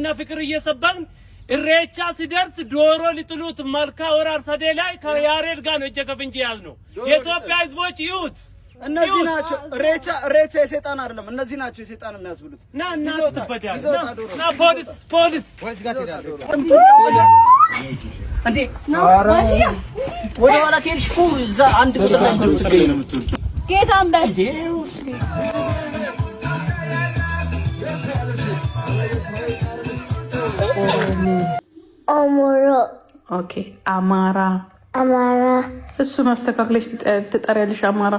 እና ፍቅር እየሰባን እሬቻ ሲደርስ ዶሮ ሊጥሉት መልካ ወራር ሰዴ ላይ ከያሬድ ጋር ነው እጀ ከፍንጅ ያዝ ነው። የኢትዮጵያ ህዝቦች ይዩት። እነዚህ ናቸው ሬቻ ሬቻ የሰይጣን አይደለም። እነዚህ ናቸው የሰይጣን የሚያስብሉት። ና እና ትበዳል ና ፖሊስ ፖሊስ ወደ ኋላ ከሄድሽ እዛ አንድ ቁጥር ላይ ነው የምትገኝ ጌታ ኦሞሮ ኦኬ። አማራ አማራ እሱን አስተካክለሽ ትጠሪያለሽ። አማራ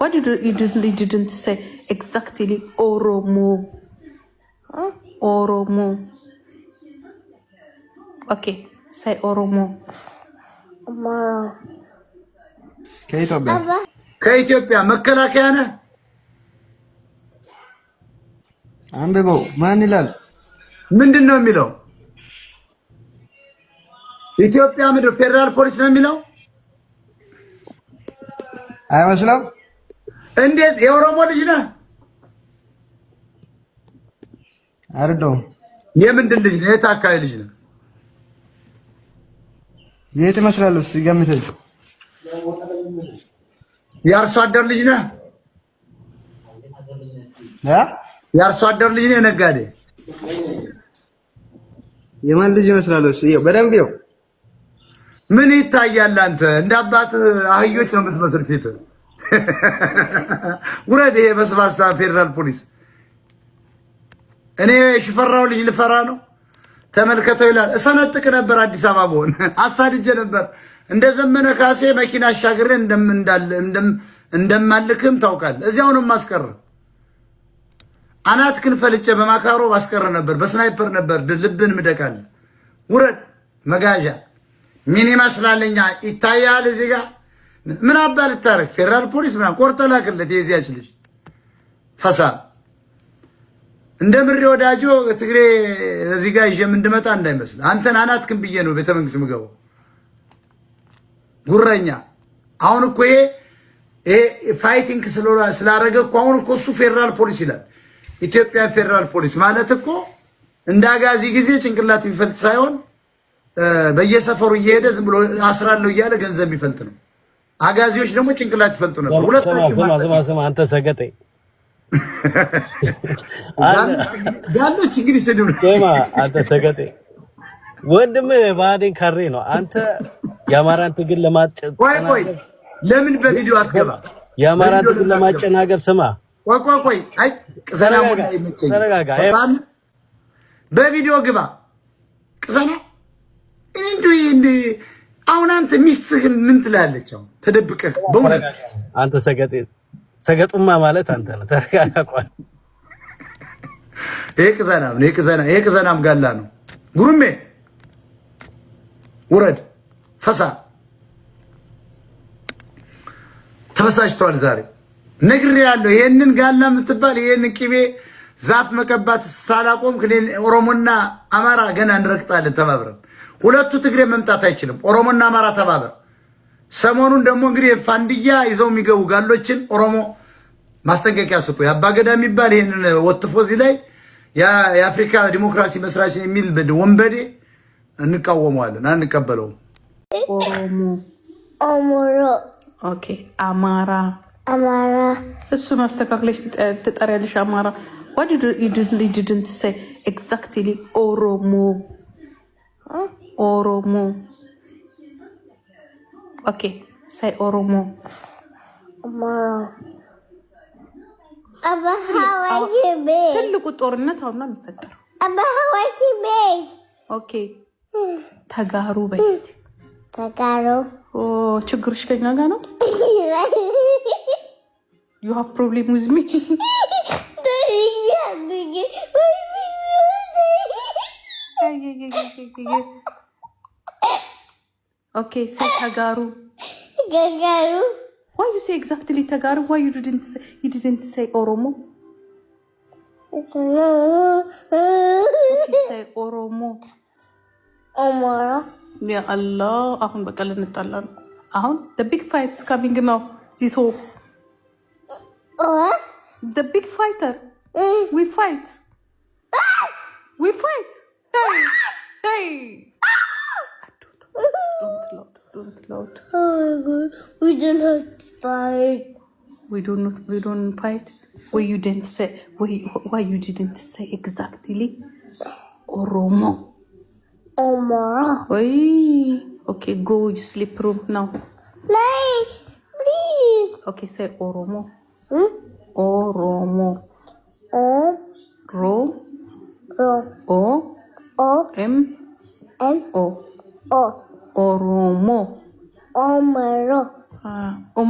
ዋዲ ዲድንት ሳይ ኤግዛክትሊ ኦሮሞ ኦሮሞ ኦኬ። ሳይ ኦሮሞ ከኢትዮጵያ ከኢትዮጵያ መከላከያ ነህ። አንብበው ማን ይላል? ምንድን ነው የሚለው? ኢትዮጵያ ምድር ፌዴራል ፖሊስ ነው የሚለው አይመስለም። እንዴት የኦሮሞ ልጅ ነህ? አይደለሁም። የምንድን ልጅ ነህ? የት አካባቢ ልጅ ነህ? የት እመስላለሁ? እስኪ ገምተኝ። የአርሶ አደር ልጅ ነህ? የአርሶ አደር ልጅ ነህ? የነጋዴ የማን ልጅ እመስላለሁ? እስኪ በደንብ ይኸው ምን ይታያል? አንተ እንደ አባት አህዮች ነው የምትመስል ፊት። ውረድ፣ ይሄ በስባሳ ፌዴራል ፖሊስ። እኔ የሽፈራው ልጅ ልፈራ ነው። ተመልከተው ይላል። እሰነጥቅ ነበር አዲስ አበባ በሆን አሳድጄ ነበር። እንደ ዘመነ ካሴ መኪና አሻግሬ እንደማልክም ታውቃል። እዚያው ነው ማስቀር አናት ክን ፈልጬ በማካሮ ባስቀረ ነበር። በስናይፐር ነበር ልብን ምደቃል። ውረድ መጋዣ ምን ይመስላልኛ ይታያል። እዚህ ጋር ምን አባ ልታረግ ፌዴራል ፖሊስ ምናምን ቆርጠህ ላክለት። የዚያች ልጅ ፈሳ እንደ ምሬ ወዳጆ ትግሬ እዚህ ጋር ይዤ እንድመጣ እንዳይመስል አንተን አናትክን ብዬ ነው ቤተ መንግስት ምገባው። ጉረኛ አሁን እኮ ይሄ ይሄ ፋይቲንግ ስላረገ እኮ አሁን እኮ እሱ ፌዴራል ፖሊስ ይላል። ኢትዮጵያ ፌዴራል ፖሊስ ማለት እኮ እንደ አጋዚ ጊዜ ጭንቅላት የሚፈልጥ ሳይሆን በየሰፈሩ እየሄደ ዝም ብሎ አስራለሁ እያለ ገንዘብ የሚፈልጥ ነው። አጋዚዎች ደግሞ ጭንቅላት ይፈልጡ ነበር። ሁለታችሁ አንተ ሰገጤ ጋሎች እንግዲህ ስድብ ነው። አንተ ሰገጤ ወንድም ባህዴን ካሬ ነው። አንተ የአማራን ትግል ለማጨ- ቆይ ቆይ ለምን በቪዲዮ አትገባ? የአማራን ትግል ለማጨናገብ ስማ፣ ቆይ ቆይ ቆይ፣ አይ ቅዘና ሞላ ይመቸኝ። በቪዲዮ ግባ ቅዘና እንደ አሁን አንተ ሚስትህን ምን ትላለች? አሁን ተደብቀህ በእውነት አንተ ሰገጤ ሰገጡማ ማለት አንተ ነህ። ተረጋጋቋል። የቅዘናም የቅዘናም የቅዘናም ጋላ ነው። ጉሩሜ ውረድ። ፈሳ ተበሳጭተዋል ዛሬ ነግሬሃለሁ። ይሄንን ጋላ የምትባል ይሄንን ቅቤ ዛፍ መቀባት ሳላቆም ኦሮሞና አማራ ገና እንረግጣለን ተባብረን ሁለቱ ትግሬ መምጣት አይችልም። ኦሮሞና አማራ ተባበር። ሰሞኑን ደግሞ እንግዲህ የፋንድያ ይዘው የሚገቡ ጋሎችን ኦሮሞ ማስጠንቀቂያ ስጡ። የአባገዳ የሚባል ይህንን ወትፎ እዚህ ላይ የአፍሪካ ዲሞክራሲ መስራችን የሚል ወንበዴ እንቃወመዋለን፣ አንቀበለውም። ኦሞሮ አማራ አማራ እሱ ማስተካከለች ትጠሪያለሽ አማራ ዋት ዩ ዲድንት ሴይ ኤግዛክትሊ ኦሮሞ ኦሮሞ ኦኬ ሳይ ኦሮሞ ትልቁ ጦርነት አሁን ነው የሚፈጠረው። ኦኬ ተጋሩ በፊት ተጋሩ ችግሮች ከኛ ጋር ነው። ዩ ሃቭ ፕሮብሌም ዊዝ ሚ Okay, say tagaru. Tagaru. Why you say exactly tagaru? Why you didn't say, you didn't say oromo? okay, say oromo. Omoro. Yeah, Allah, Ahun በቃ ልንጣላ Ahun the big fight is coming now. This hope. What? The big fighter. Mm. We fight. We fight. Hey. Hey not Oh my god, we don't have to fight. We don't we don't fight. Why you didn't say why why you didn't say exactly Oromo. Omara. Oi. Okay, go you sleep room now. No, please. Okay, say Oromo. Hmm?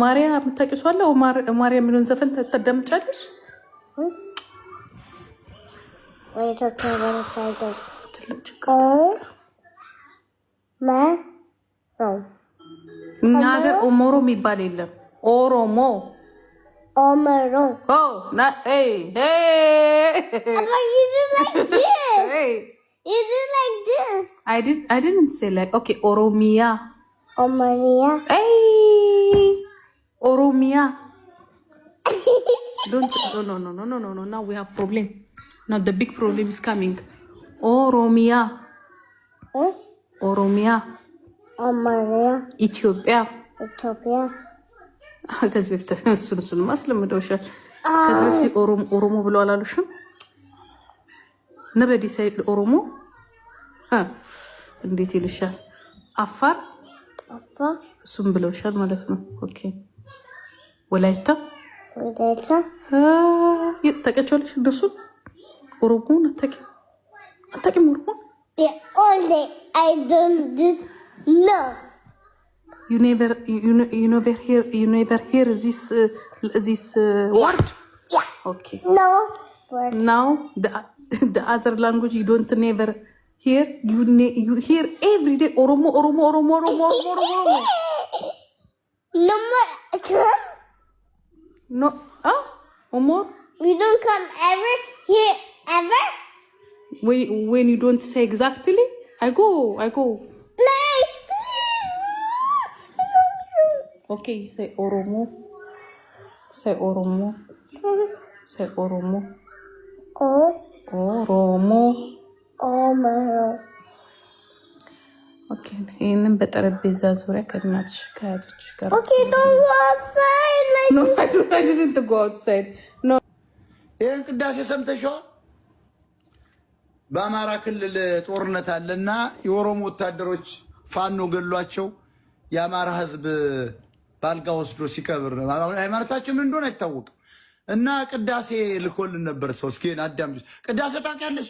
ማሪያ የምታውቂው ሰው አለ? ማሪያ የሚለውን ዘፈን ተደምጫለች። እኛ ሀገር ኦሞሮ የሚባል የለም። ኦሮሞ ኦሞሮ ኦሮሚያ ኦሮሚያ ቢግ ፕሮብሌም ኢስ ካሚንግ ኦሮሚያ ኦሮሚያ ኢትዮጵያ ከዚህ በፊት እሱን እሱንማ አስለምደውሻል። ከዚህ በፊት ኦሮሞ ብለው አላሉሽም? ነበዲ ሳይድ ኦሮሞ እንዴት ይልሻል? አፋር እሱም ብለውሻል ማለት ነው። ኦኬ ወላይታ ወላይታ ታውቂያቸዋለሽ? እንደሱ ኦሮሞን አታውቂም? አታውቂም ኦሮሞን ዩ ኔቨር ሄር ዚስ ወርድ ናው አዘር ላንጉጅ ዩ ዶንት ኔቨር ሄር ዩ ሄር ኤቭሪ ዴይ ኦሮሞ ኦሮሞ ኦሮሞ ኦሮሞ ኦሮሞ No. Oh, more. You don't come ever here ever. When when you don't say exactly, I go. I go. No, Okay, say Oromo. Say Oromo. Say Oromo. Oh. Oromo. Oromo. Oromo. ይህንን በጠረጴዛ ዙሪያ ከእናትሽ ከአያቶችሽ ጋር ይህን ቅዳሴ ሰምተሸዋል። በአማራ ክልል ጦርነት አለና የኦሮሞ ወታደሮች ፋኖ ገሏቸው የአማራ ህዝብ ባልጋ ወስዶ ሲቀብር ሃይማኖታቸው ምን እንደሆነ አይታወቅም። እና ቅዳሴ ልኮልን ነበር ሰው። እስኪ አዳምጪ። ቅዳሴ ታውቂያለሽ?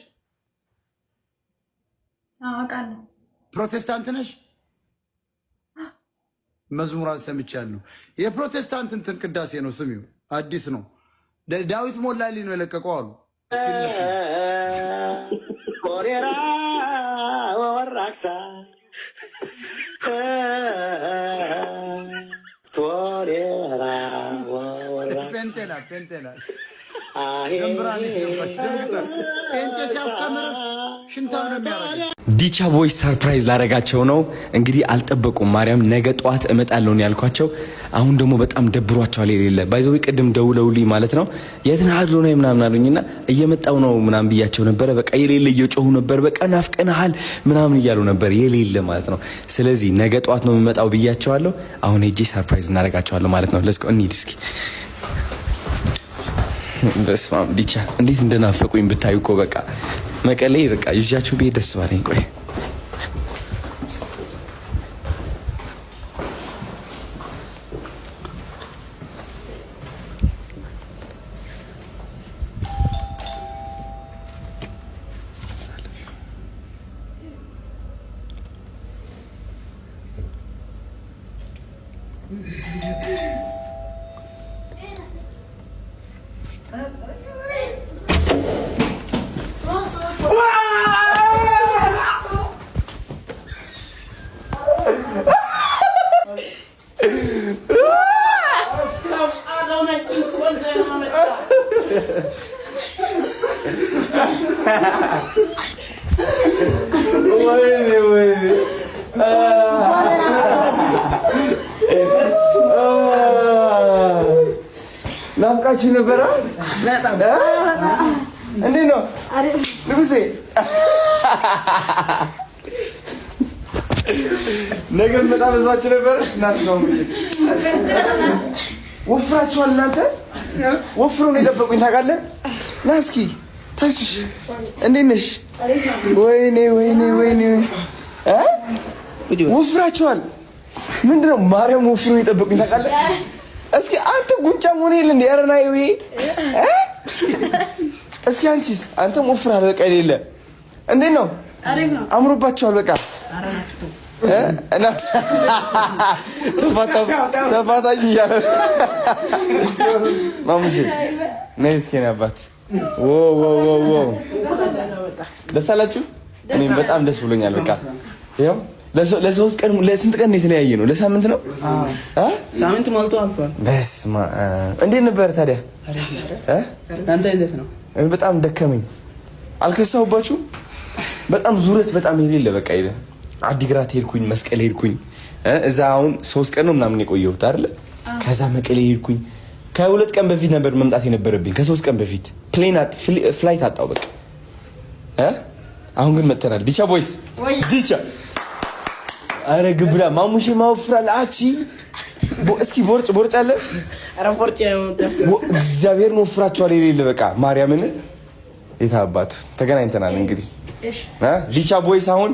አውቃለሁ ፕሮቴስታንት ነሽ? መዝሙራን ሰምቻለሁ። የፕሮቴስታንት እንትን ቅዳሴ ነው። ስሚው፣ አዲስ ነው። ዳዊት ሞላሊ ነው የለቀቀው አሉ ሬራ ወራክሳ ቶሬራ ወራክሳ ዲቻ ቦይስ ሰርፕራይዝ ላረጋቸው ነው እንግዲህ አልጠበቁም። ማርያም ነገ ጠዋት እመጣለሁ ያልኳቸው አሁን ደግሞ በጣም ደብሯቸዋል። የሌለ ባይዘዊ ቅድም ደውለውልኝ ማለት ነው የት ነህ ነው ምናምን አሉኝና እየመጣው ነው ምናምን ብያቸው ነበረ። በቃ የሌለ እየጮሁ ነበር። በቃ ናፍቀናሃል ምናምን እያሉ ነበር የሌለ ማለት ነው። ስለዚህ ነገ ጠዋት ነው የምመጣው ብያቸዋለሁ። አሁን ሄጄ ሰርፕራይዝ እናረጋቸዋለሁ ማለት ነው። ለስ እንሂድ እስኪ በስማም ዲቻ እንዴት እንደናፈቁኝ ብታዩ እኮ በቃ መቀሌ በቃ ይዣችሁ ብሄድ ደስ ባለኝ። ቆይ ወይኔ ወይኔ ናፍቃችሁ ነበረ። እንዴት ነው ንጉሴ? ነገም በጣም እዛችሁ ነበር። እናት ነው ወፍራችኋል እናንተ ወፍሮ ነው የጠበቁኝ ታውቃለህ። ና እስኪ ታሽሽ፣ እንዴት ነሽ? ወይኔ ወይኔ ወይኔ፣ ወፍራችኋል። ምንድን ነው ማርያም፣ ወፍሮ ነው የጠበቁኝ ታውቃለህ። እስኪ አንተ ጉንጫ ሆነ የለ እንደ ያረና ይዌ እስኪ አንቺስ፣ አንተም ወፍራል። በቃ የሌለ እንዴት ነው አምሮባችኋል። በቃ ተፋታኝ እያለ ማሙሽ ነይ እስኪ ነው አባት ደስ አላችሁ? እኔም በጣም ደስ ብሎኛል። በቃ ያው ለሶስት ቀን ለስንት ቀን የተለያየ ነው? ለሳምንት ነው። ሳምንት ሞልቶ አልፏል። እንዴት ነበር ታዲያ? በጣም ደከመኝ። አልከሳሁባችሁ። በጣም ዙረት በጣም የሌለ በቃ አዲግራት ሄድኩኝ፣ መስቀል ሄድኩኝ። እዛ አሁን ሶስት ቀን ነው ምናምን የቆየሁት አይደለ? ከዛ መቀሌ ሄድኩኝ። ከሁለት ቀን በፊት ነበር መምጣት የነበረብኝ፣ ከሶስት ቀን በፊት ፕሌን ፍላይት አጣው። በቃ አሁን ግን መተናል። ዲቻ ቦይስ ዲቻ። አረ ግብራ ማሙሽ ማወፍራል አቺ እስኪ ቦርጭ ቦርጭ አለ እግዚአብሔርን ወፍራችኋል የሌለ በቃ ማርያምን የታባቱ ተገናኝተናል። እንግዲህ ዲቻ ቦይስ አሁን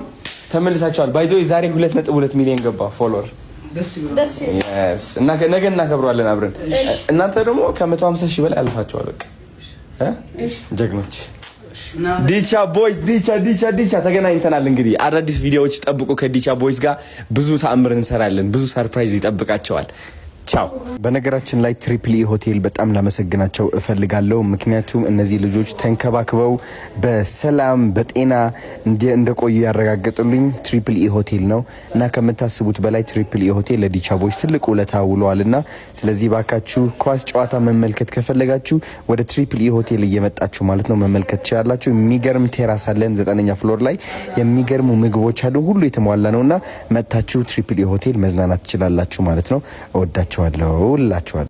ተመልሳቸዋል። ባይዞ ዛሬ ሁለት ነጥብ ሁለት ሚሊዮን ገባ ፎሎወር እና ነገ እናከብረዋለን አብረን። እናንተ ደግሞ ከመቶ ሀምሳ ሺህ በላይ አልፋቸዋል። በቃ ጀግኖች ዲቻ ቦይስ ዲቻ ዲቻ ዲቻ ተገናኝተናል። እንግዲህ አዳዲስ ቪዲዮዎች ጠብቁ። ከዲቻ ቦይስ ጋር ብዙ ተአምር እንሰራለን። ብዙ ሰርፕራይዝ ይጠብቃቸዋል። ቻው። በነገራችን ላይ ትሪፕሊ ሆቴል በጣም ላመሰግናቸው እፈልጋለሁ። ምክንያቱም እነዚህ ልጆች ተንከባክበው በሰላም በጤና እንደቆዩ ያረጋገጡልኝ ትሪፕል ሆቴል ነው እና ከምታስቡት በላይ ትሪፕል ሆቴል ለዲቻቦች ትልቅ ውለታ ውለዋል እና ስለዚህ ባካችሁ ኳስ ጨዋታ መመልከት ከፈለጋችሁ ወደ ትሪፕል ሆቴል እየመጣችሁ ማለት ነው መመልከት ትችላላችሁ። የሚገርም ቴራስ አለን ዘጠነኛ ፍሎር ላይ የሚገርሙ ምግቦች አሉ። ሁሉ የተሟላ ነው እና መታችሁ ትሪፕል ሆቴል መዝናናት ትችላላችሁ ማለት ነው። እወዳችኋል። እላችኋለሁ እላችኋለሁ።